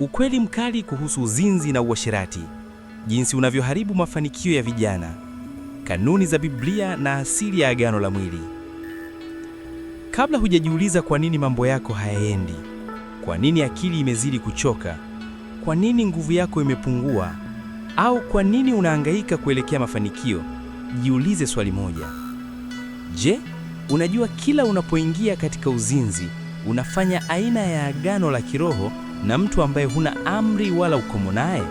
Ukweli mkali kuhusu uzinzi na uasherati, jinsi unavyoharibu mafanikio ya vijana, kanuni za Biblia na asili ya agano la mwili. Kabla hujajiuliza kwa nini mambo yako hayaendi, kwa nini akili imezidi kuchoka, kwa nini nguvu yako imepungua, au kwa nini unahangaika kuelekea mafanikio, jiulize swali moja: je, unajua kila unapoingia katika uzinzi unafanya aina ya agano la kiroho na mtu ambaye huna amri wala ukomo naye?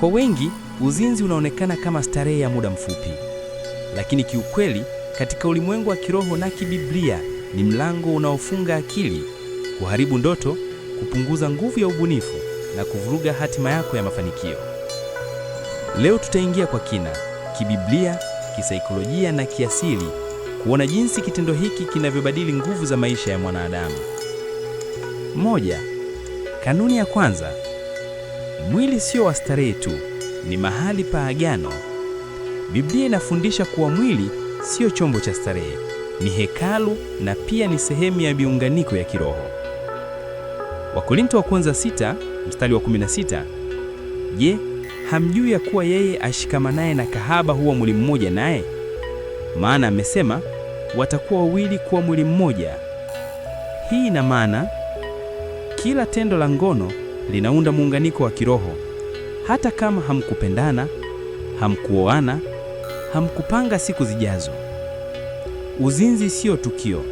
Kwa wengi uzinzi unaonekana kama starehe ya muda mfupi, lakini kiukweli katika ulimwengu wa kiroho na kibiblia ni mlango unaofunga akili, kuharibu ndoto, kupunguza nguvu ya ubunifu na kuvuruga hatima yako ya mafanikio. Leo tutaingia kwa kina kibiblia, kisaikolojia na kiasili kuona jinsi kitendo hiki kinavyobadili nguvu za maisha ya mwanadamu. Moja, Kanuni ya kwanza, mwili sio wa starehe tu, ni mahali pa agano. Biblia inafundisha kuwa mwili sio chombo cha starehe, ni hekalu na pia ni sehemu ya miunganiko ya kiroho. Wakorinto wa kwanza sita mstari wa 16, je, hamjui ya kuwa yeye ashikamanaye na kahaba huwa mwili mmoja naye? Maana amesema watakuwa wawili kuwa mwili mmoja. Hii ina maana kila tendo la ngono linaunda muunganiko wa kiroho. Hata kama hamkupendana, hamkuoana, hamkupanga siku zijazo. Uzinzi sio tukio,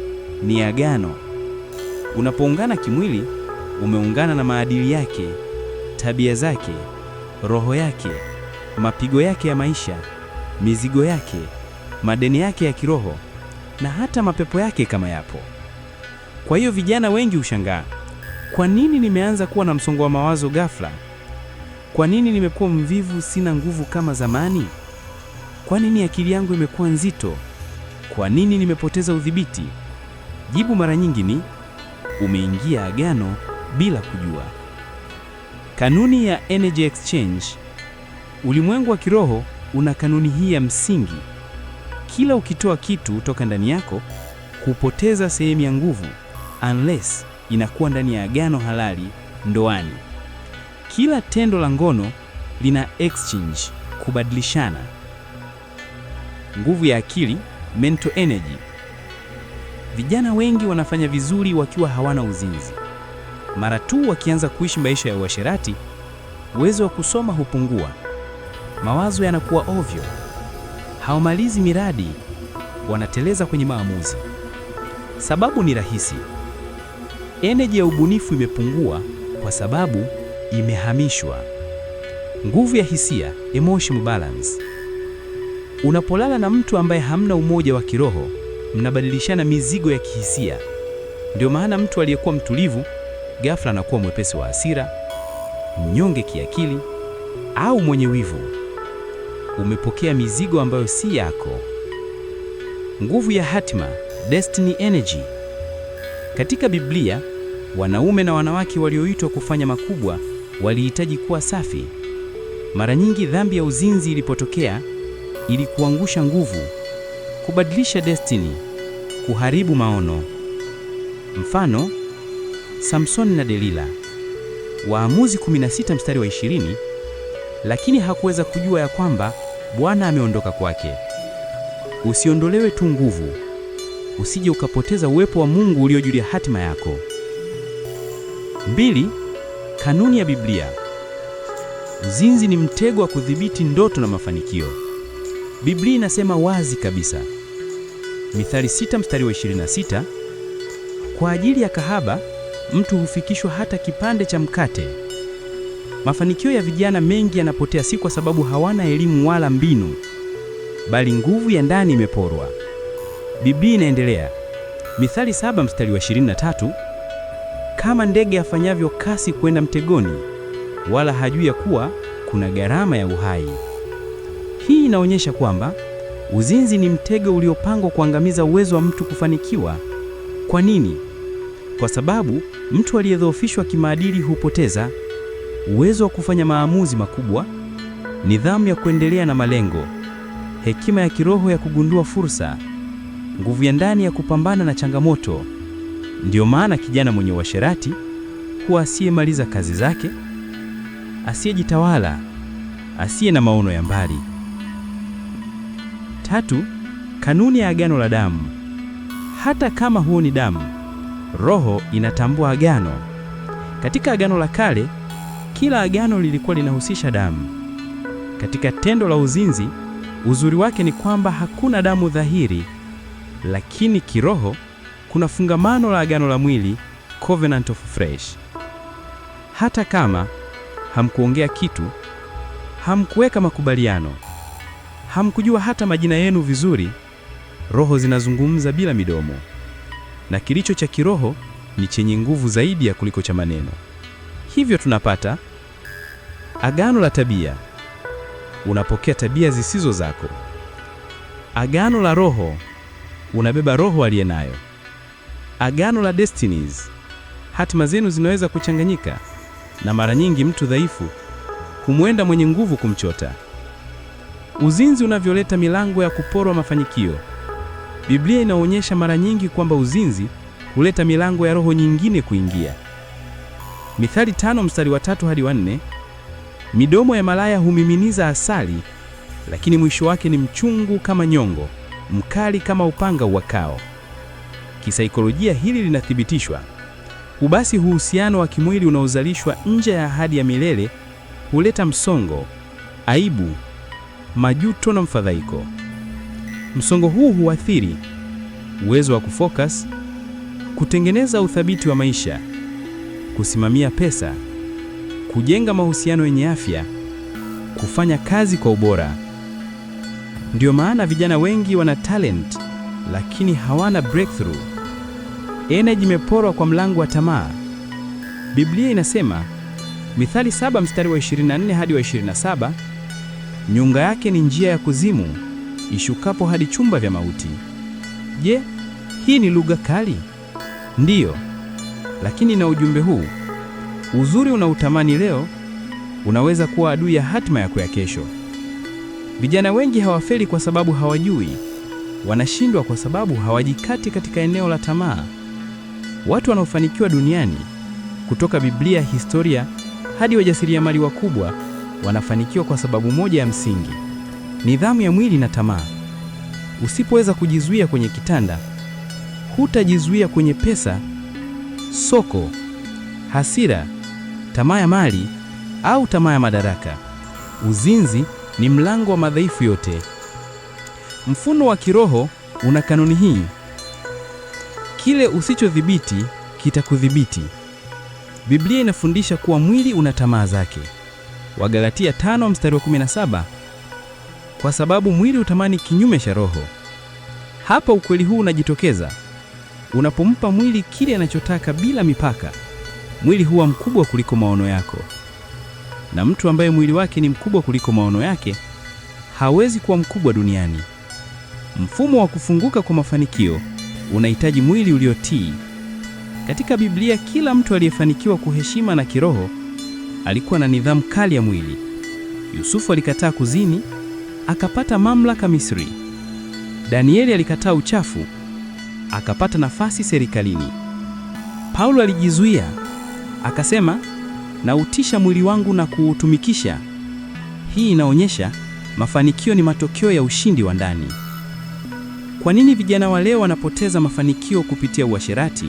ni agano. Unapoungana kimwili, umeungana na maadili yake, tabia zake, roho yake, mapigo yake ya maisha, mizigo yake, madeni yake ya kiroho na hata mapepo yake kama yapo. Kwa hiyo vijana wengi hushangaa kwa nini nimeanza kuwa na msongo wa mawazo ghafla? Kwa nini nimekuwa mvivu, sina nguvu kama zamani? Kwa nini akili yangu imekuwa nzito? Kwa nini nimepoteza udhibiti? Jibu mara nyingi ni umeingia agano bila kujua. Kanuni ya energy exchange. Ulimwengu wa kiroho una kanuni hii ya msingi: kila ukitoa kitu toka ndani yako, kupoteza sehemu ya nguvu unless inakuwa ndani ya agano halali ndoani. Kila tendo la ngono lina exchange, kubadilishana nguvu ya akili, mental energy. Vijana wengi wanafanya vizuri wakiwa hawana uzinzi. Mara tu wakianza kuishi maisha ya uasherati, uwezo wa kusoma hupungua, mawazo yanakuwa ovyo, hawamalizi miradi, wanateleza kwenye maamuzi. Sababu ni rahisi eneji ya ubunifu imepungua kwa sababu imehamishwa. Nguvu ya hisia, emotional balance. Unapolala na mtu ambaye hamna umoja wa kiroho, mnabadilishana mizigo ya kihisia. Ndio maana mtu aliyekuwa mtulivu ghafla anakuwa mwepesi wa hasira, mnyonge kiakili au mwenye wivu. Umepokea mizigo ambayo si yako. Nguvu ya hatima, destiny energy. Katika Biblia Wanaume na wanawake walioitwa kufanya makubwa walihitaji kuwa safi. Mara nyingi dhambi ya uzinzi ilipotokea, ili kuangusha nguvu, kubadilisha destiny, kuharibu maono. Mfano, Samson na Delila, Waamuzi 16 mstari wa 20, lakini hakuweza kujua ya kwamba Bwana ameondoka kwake. Usiondolewe tu nguvu, usije ukapoteza uwepo wa Mungu uliojulia hatima yako. Mbili, kanuni ya Biblia. Uzinzi ni mtego wa kudhibiti ndoto na mafanikio. Biblia inasema wazi kabisa, Mithali 6 mstari wa 26, kwa ajili ya kahaba mtu hufikishwa hata kipande cha mkate. Mafanikio ya vijana mengi yanapotea si kwa sababu hawana elimu wala mbinu, bali nguvu ya ndani imeporwa. Biblia inaendelea, Mithali 7 mstari wa 23 kama ndege afanyavyo kasi kwenda mtegoni, wala hajui ya kuwa kuna gharama ya uhai. Hii inaonyesha kwamba uzinzi ni mtego uliopangwa kuangamiza uwezo wa mtu kufanikiwa. Kwa nini? Kwa sababu mtu aliyedhoofishwa kimaadili hupoteza uwezo wa kufanya maamuzi makubwa, nidhamu ya kuendelea na malengo, hekima ya kiroho ya kugundua fursa, nguvu ya ndani ya kupambana na changamoto. Ndiyo maana kijana mwenye uasherati huwa asiyemaliza kazi zake, asiyejitawala, asiye na maono ya mbali. Tatu, kanuni ya agano la damu. Hata kama huo ni damu, roho inatambua agano. Katika agano la kale, kila agano lilikuwa linahusisha damu. Katika tendo la uzinzi, uzuri wake ni kwamba hakuna damu dhahiri, lakini kiroho kuna fungamano la agano la mwili, covenant of flesh. Hata kama hamkuongea kitu, hamkuweka makubaliano, hamkujua hata majina yenu vizuri, roho zinazungumza bila midomo, na kilicho cha kiroho ni chenye nguvu zaidi ya kuliko cha maneno. Hivyo tunapata agano la tabia, unapokea tabia zisizo zako. Agano la roho, unabeba roho aliye nayo. Agano la Destinies. Hatima zenu zinaweza kuchanganyika, na mara nyingi mtu dhaifu humwenda mwenye nguvu kumchota. Uzinzi unavyoleta milango ya kuporwa mafanikio. Biblia inaonyesha mara nyingi kwamba uzinzi huleta milango ya roho nyingine kuingia. Mithali tano mstari wa tatu hadi wa nne. Midomo ya malaya humiminiza asali, lakini mwisho wake ni mchungu kama nyongo, mkali kama upanga uwakao. Kisaikolojia hili linathibitishwa. Ubasi, huhusiano wa kimwili unaozalishwa nje ya ahadi ya milele huleta msongo, aibu, majuto na mfadhaiko. Msongo huu huathiri uwezo wa kufocus, kutengeneza uthabiti wa maisha, kusimamia pesa, kujenga mahusiano yenye afya, kufanya kazi kwa ubora. Ndiyo maana vijana wengi wana talent lakini hawana breakthrough energy imeporwa kwa mlango wa tamaa. Biblia inasema Mithali saba mstari wa 24 hadi wa 27, nyunga yake ni njia ya kuzimu ishukapo hadi chumba vya mauti. Je, hii ni lugha kali? Ndiyo, lakini na ujumbe huu uzuri unautamani leo unaweza kuwa adui ya hatima yako ya kesho. Vijana wengi hawafeli kwa sababu hawajui, wanashindwa kwa sababu hawajikati katika eneo la tamaa. Watu wanaofanikiwa duniani kutoka Biblia, historia hadi wajasiriamali wakubwa wanafanikiwa kwa sababu moja ya msingi: nidhamu ya mwili na tamaa. Usipoweza kujizuia kwenye kitanda, hutajizuia kwenye pesa, soko, hasira, tamaa ya mali au tamaa ya madaraka. Uzinzi ni mlango wa madhaifu yote. Mfuno wa kiroho una kanuni hii kile usichodhibiti kitakudhibiti. Biblia inafundisha kuwa mwili una tamaa zake. Wagalatia 5 mstari wa 17, kwa sababu mwili utamani kinyume cha roho. Hapa ukweli huu unajitokeza. Unapompa mwili kile anachotaka bila mipaka, mwili huwa mkubwa kuliko maono yako, na mtu ambaye mwili wake ni mkubwa kuliko maono yake hawezi kuwa mkubwa duniani. Mfumo wa kufunguka kwa mafanikio unahitaji mwili uliotii. Katika Biblia, kila mtu aliyefanikiwa kuheshima na kiroho alikuwa na nidhamu kali ya mwili. Yusufu alikataa kuzini, akapata mamlaka Misri. Danieli alikataa uchafu, akapata nafasi serikalini. Paulo alijizuia, akasema, nautisha mwili wangu na kuutumikisha. Hii inaonyesha mafanikio ni matokeo ya ushindi wa ndani. Kwa nini vijana wa leo wanapoteza mafanikio kupitia uasherati?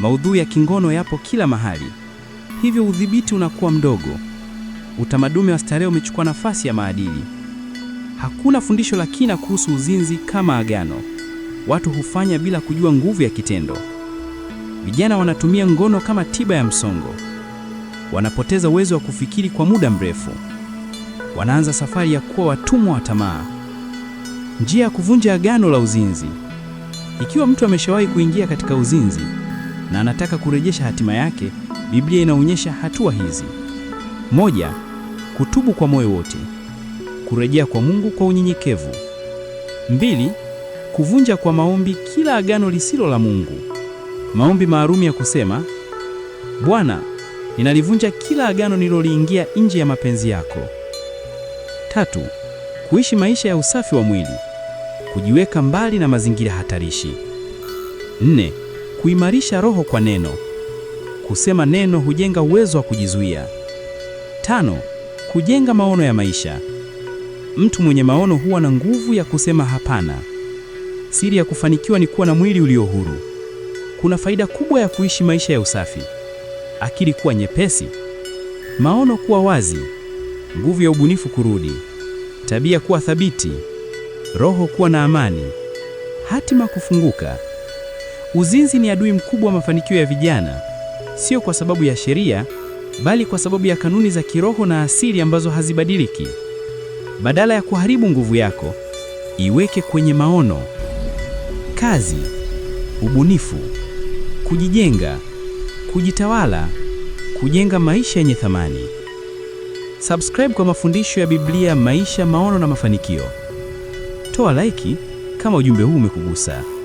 Maudhui ya kingono yapo kila mahali, hivyo udhibiti unakuwa mdogo. Utamaduni wa starehe umechukua nafasi ya maadili. Hakuna fundisho la kina kuhusu uzinzi kama agano. Watu hufanya bila kujua nguvu ya kitendo. Vijana wanatumia ngono kama tiba ya msongo. Wanapoteza uwezo wa kufikiri kwa muda mrefu. Wanaanza safari ya kuwa watumwa wa tamaa. Njia ya kuvunja agano la uzinzi. Ikiwa mtu ameshawahi kuingia katika uzinzi na anataka kurejesha hatima yake, Biblia inaonyesha hatua hizi: moja, kutubu kwa moyo wote, kurejea kwa Mungu kwa unyenyekevu; mbili, kuvunja kwa maombi kila agano lisilo la Mungu, maombi maalum ya kusema, Bwana, ninalivunja kila agano nililoliingia nje ya mapenzi yako; tatu, kuishi maisha ya usafi wa mwili kujiweka mbali na mazingira hatarishi. Nne, kuimarisha roho kwa neno. Kusema neno hujenga uwezo wa kujizuia. Tano, kujenga maono ya maisha. Mtu mwenye maono huwa na nguvu ya kusema hapana. Siri ya kufanikiwa ni kuwa na mwili ulio huru. Kuna faida kubwa ya kuishi maisha ya usafi: akili kuwa nyepesi, maono kuwa wazi, nguvu ya ubunifu kurudi, tabia kuwa thabiti roho kuwa na amani, hatima kufunguka. Uzinzi ni adui mkubwa wa mafanikio ya vijana, sio kwa sababu ya sheria, bali kwa sababu ya kanuni za kiroho na asili ambazo hazibadiliki. Badala ya kuharibu nguvu yako, iweke kwenye maono, kazi, ubunifu, kujijenga, kujitawala, kujenga maisha yenye thamani. Subscribe kwa mafundisho ya Biblia, maisha, maono na mafanikio toa laiki kama ujumbe huu umekugusa.